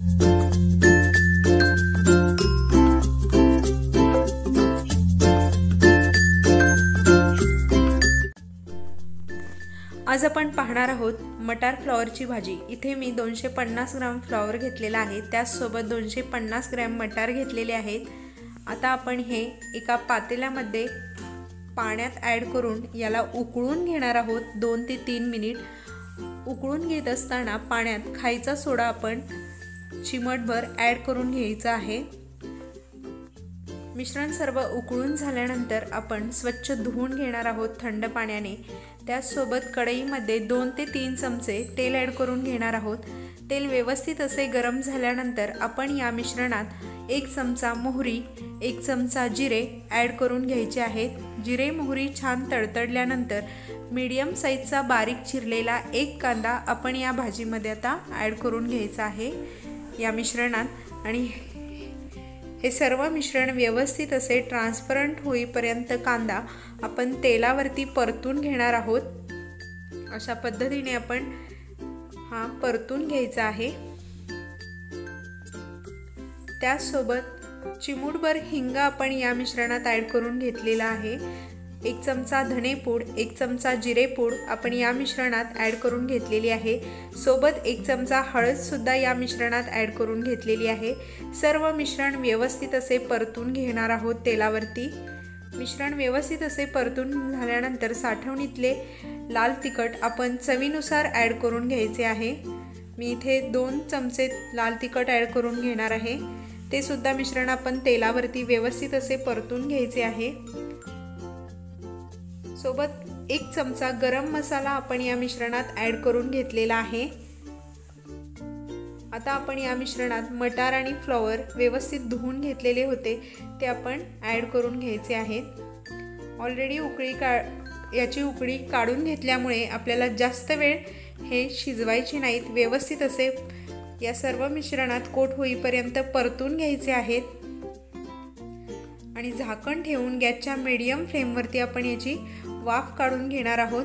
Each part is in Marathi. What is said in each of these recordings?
आज आपण पाहणार आहोत मटार फ्लॉवरची भाजी इथे मी दोनशे पन्नास ग्रॅम फ्लॉवर घेतलेला आहे त्याचसोबत दोनशे पन्नास ग्रॅम मटार घेतलेले आहेत आता आपण हे एका पातेल्यामध्ये पाण्यात ॲड करून याला उकळून घेणार आहोत दोन ते तीन मिनिट उकळून घेत असताना पाण्यात खायचा सोडा आपण चिमटभर ॲड करून घ्यायचं आहे मिश्रण सर्व उकळून झाल्यानंतर आपण स्वच्छ धुवून घेणार आहोत थंड पाण्याने त्याचसोबत कढईमध्ये दोन ते तीन चमचे तेल ॲड करून घेणार आहोत तेल व्यवस्थित असे गरम झाल्यानंतर आपण या मिश्रणात एक चमचा मोहरी एक चमचा जिरे ॲड करून घ्यायचे आहेत जिरे मोहरी छान तडतडल्यानंतर मीडियम साईजचा बारीक चिरलेला एक कांदा आपण या भाजीमध्ये आता ॲड करून घ्यायचा आहे या मिश्रणात आणि हे सर्व मिश्रण व्यवस्थित असे ट्रान्सपरंट होईपर्यंत कांदा आपण तेलावरती परतून घेणार आहोत अशा पद्धतीने आपण हा परतून घ्यायचा आहे त्याचसोबत चिमूटभर हिंग आपण या मिश्रणात ॲड करून घेतलेला आहे एक चमचा धनेपूड एक चमचा जिरेपूड आपण या मिश्रणात ॲड करून घेतलेली आहे सोबत एक चमचा हळदसुद्धा या मिश्रणात ॲड करून घेतलेली आहे सर्व मिश्रण व्यवस्थित असे परतून घेणार आहोत तेलावरती मिश्रण व्यवस्थित असे परतून झाल्यानंतर साठवणीतले लाल तिखट आपण चवीनुसार ॲड करून घ्यायचे आहे मी इथे दोन चमचे लाल तिखट ॲड करून घेणार आहे ते सुद्धा मिश्रण आपण तेलावरती व्यवस्थित असे परतून घ्यायचे आहे सोबत एक चमचा गरम मसाला आपण या मिश्रणात ॲड करून घेतलेला आहे आता आपण या मिश्रणात मटार आणि फ्लॉवर व्यवस्थित धुवून घेतलेले होते ते आपण ॲड करून घ्यायचे आहेत ऑलरेडी उकळी का याची उकळी काढून घेतल्यामुळे आपल्याला जास्त वेळ हे शिजवायचे नाहीत व्यवस्थित असे या सर्व मिश्रणात कोट होईपर्यंत परतून घ्यायचे आहेत आणि झाकण ठेवून गॅसच्या मीडियम फ्लेमवरती आपण याची वाफ काढून घेणार आहोत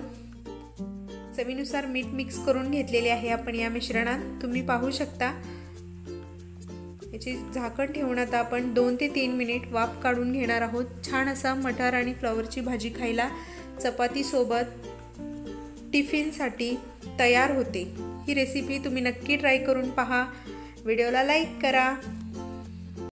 चवीनुसार मीठ मिक्स करून घेतलेले आहे आपण या मिश्रणात तुम्ही पाहू शकता याची झाकण ठेवून आता आपण दोन ते तीन मिनिट वाफ काढून घेणार आहोत छान असा मटार आणि फ्लॉवरची भाजी खायला चपातीसोबत टिफिनसाठी तयार होते ही रेसिपी तुम्ही नक्की ट्राय करून पहा व्हिडिओला लाईक करा